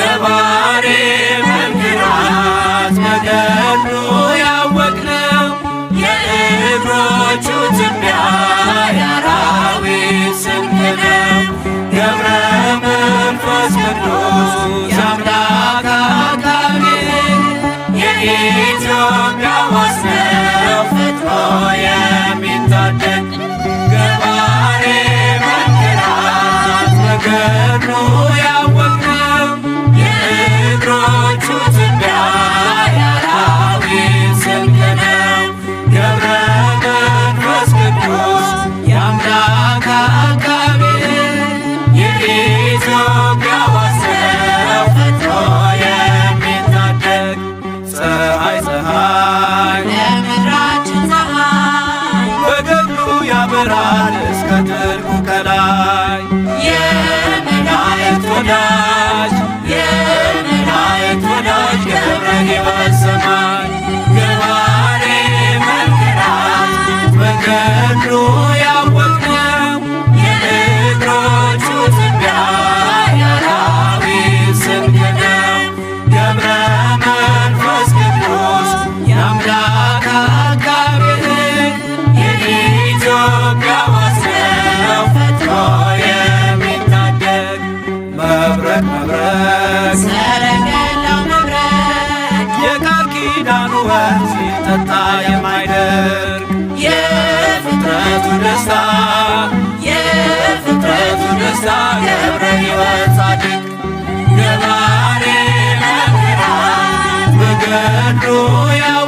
ገባሬ መንክራት የእግሮቹ ትቢያ የአራዊት ገብረ መንፈስ ቅዱስ የኪዳኑ ወንዝ ሲጠጣ የማይደርግ የፍጥረቱ ደስታ የፍጥረቱ ደስታ ገብረ ሕይወት ጻድቅ ገባሬ ያው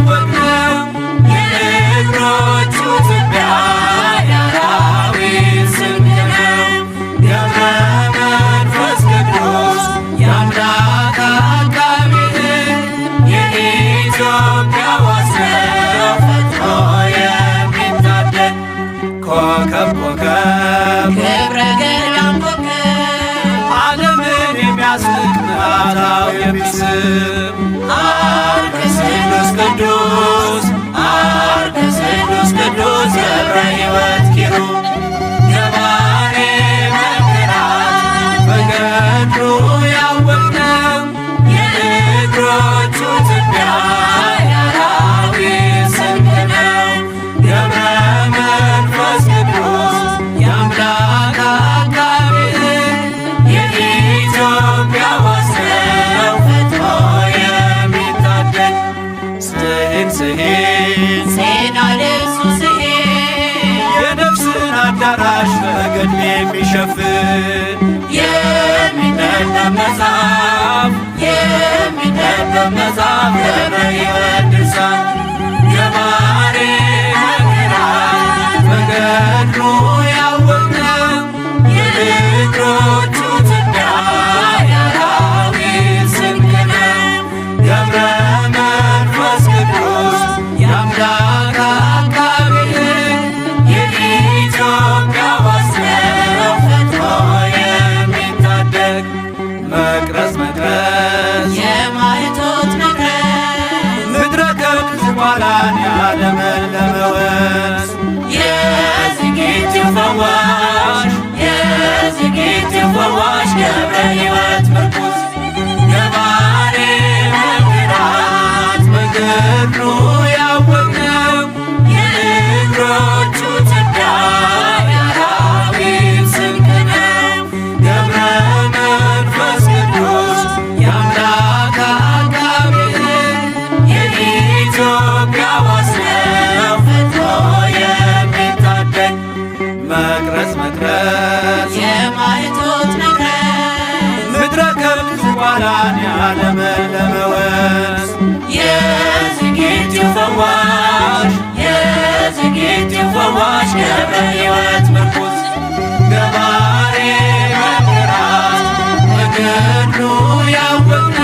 የህይወት ምርኩዝ ነባሬ መግራት ያወቅነው የእግሮቹ ስንቅ ነው ገብረ መንፈስ ቅዱስ የአምላክ የኢትዮጵያ የሚታደግ ጓዳን ያለመለመ ወንዝ ፈዋሽ ፈዋሽ ገብረ ሕይወት ምርኩዝ ገባሬ መከራት በገድሉ ያወቅነ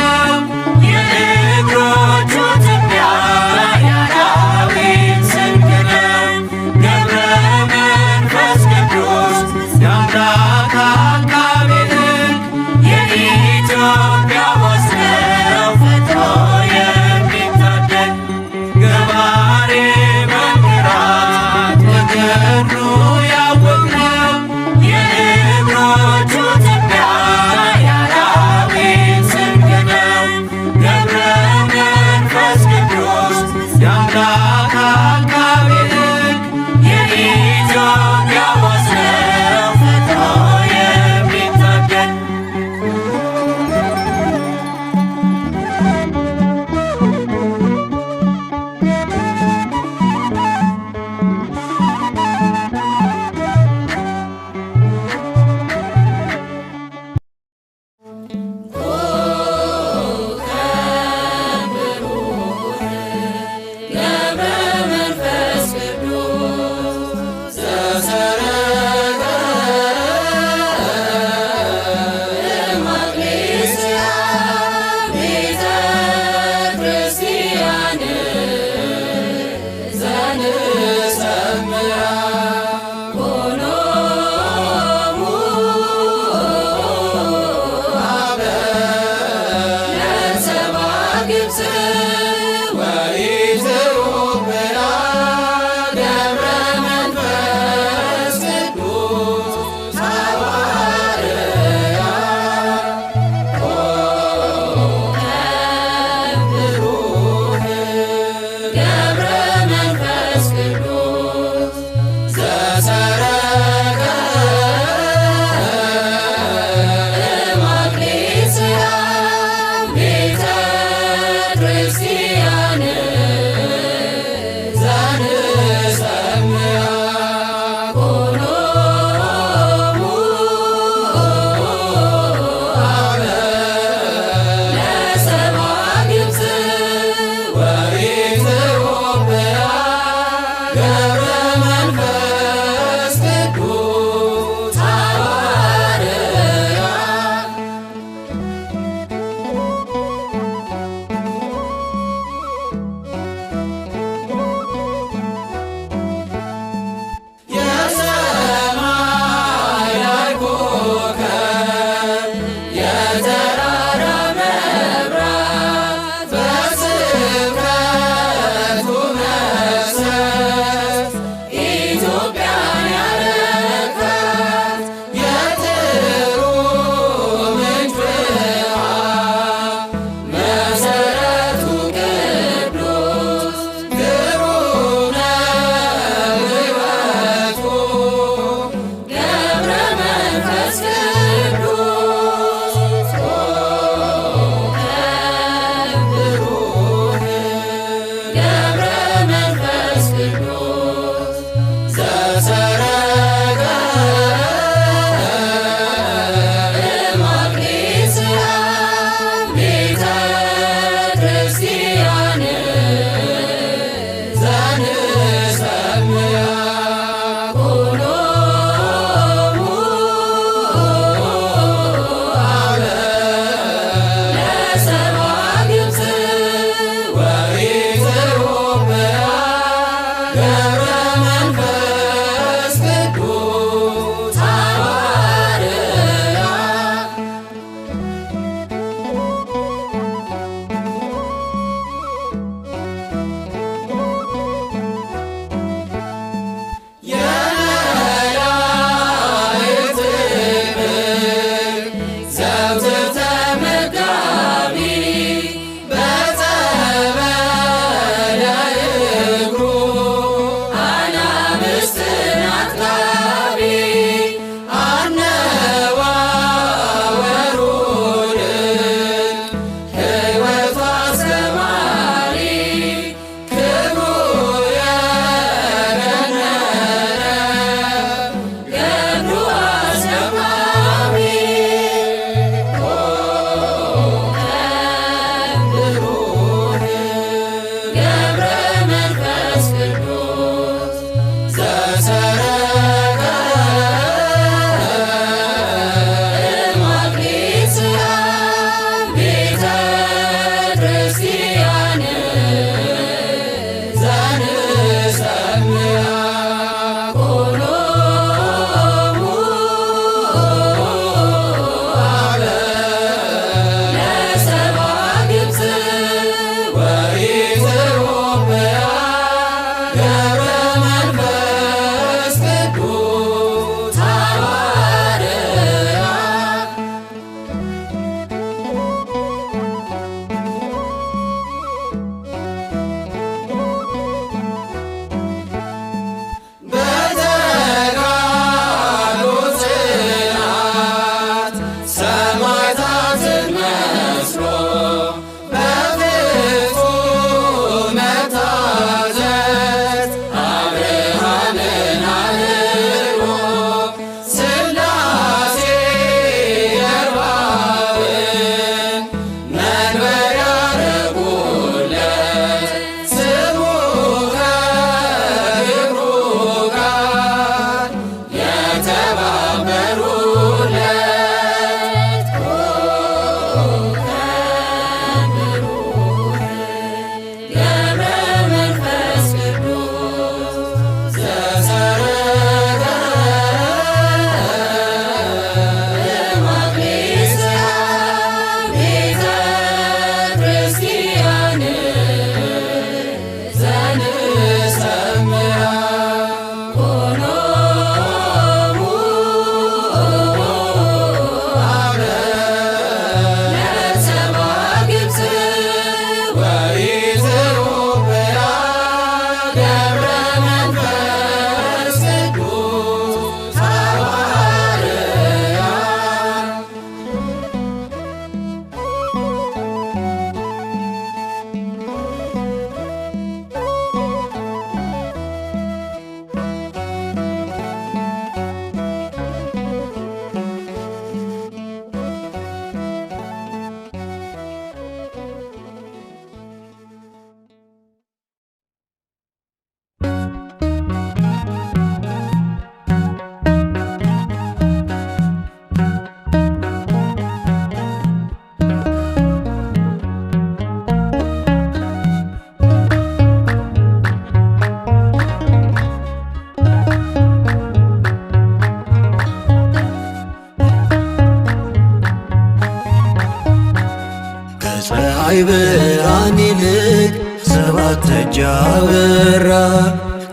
በራ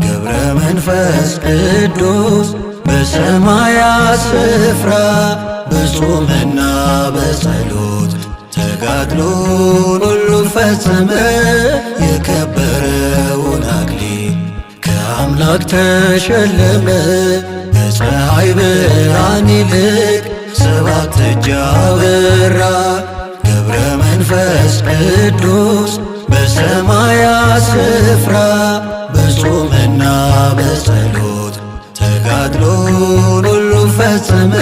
ገብረ መንፈስ ቅዱስ በሰማያት ስፍራ በጾምና በጸሎት ተጋድሎ ሁሉን ፈጸመ የከበረውን አክሊል ከአምላክ ተሸለመ በፀሐይ ብርሃን ይልቅ ሰባት እጅ አበራ ገብረ መንፈስ ቅዱስ በሰማያት ስፍራ በጾምና በጸሎት ተጋድሎውን ሁሉ ፈጽመ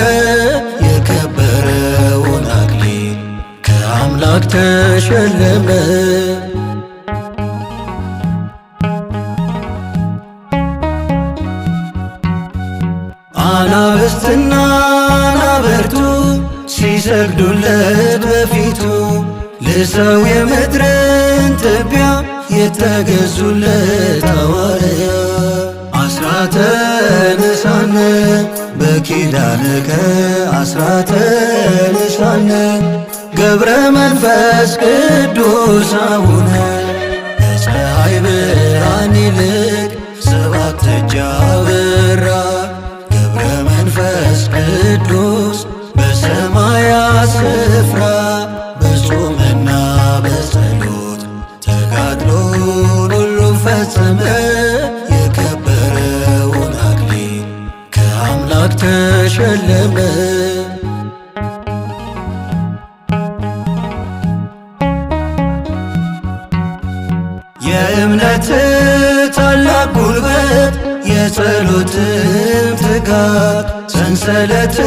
የከበረውን አክሊል ከአምላክ ተሸለመ። አናብስትና አናብርቱ ሲሰግዱለት በፊቱ ለሰው የመ የተገዙለት ሐዋርያ አስራተ ንሳነ በኪዳንከ አስራተ ንሳነ ገብረ መንፈስ ቅዱስ አቡነ ከፀሐይ ብርሃን ይልቅ ሰባት እጅ አበራ ገብረ መንፈስ ቅዱስ በሰማያ ስፍራ ተሸለመ። የእምነት ታላቅ ጉልበት የጸሎትን ትጋት ሰንሰለት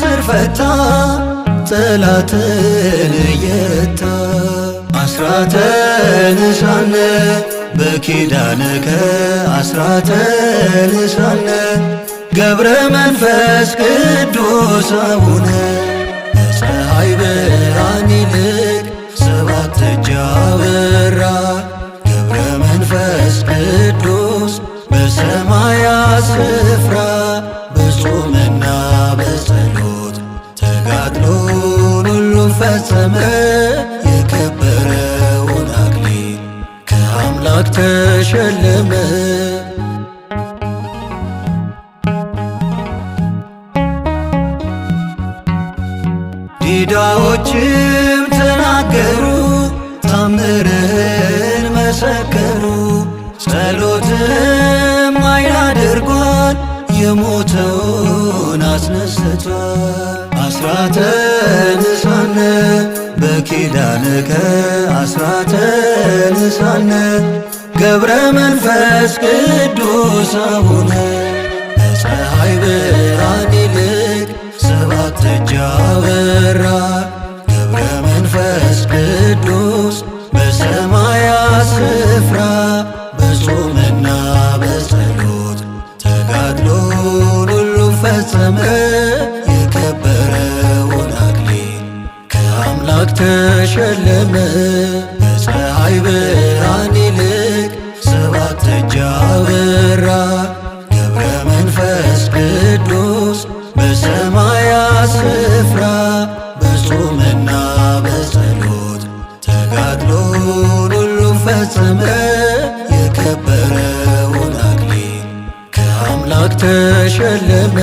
ስር ፈታ ጠላትን የታ አስራተ ንሳነ በኪዳነከ አስራተ ንሳነ ገብረ መንፈስ ቅዱስ አቡነ ከፀሐይ ብርሃን ይልቅ ሰባት እጅ አበራ። ገብረ መንፈስ ቅዱስ በሰማያ ስፍራ በጾምና በጸሎት ተጋድሎውን ሁሉ ፈጸመ። የከበረውን አክሊል ከአምላክ ተሸለመ። መሰከሩ ጸሎትም ኃይል አድርጓል የሞተውን አስነስቷል አስራተ ንሳነ በኪዳንከ አስራተ ንሳነ ገብረ መንፈስ ቅዱስ አቡነ ከፀሐይ ብርሃን ይልቅ ሰባት እጅ አበራ ስፍራ በጾምና በጸሎት ተጋድሎውን ሁሉ ፈጸመ። የከበረውን አክሊል ከአምላክ ተሸለመ በፀሐይ ፈጽመ የከበረውን አክሊል ከአምላክ ተሸለመ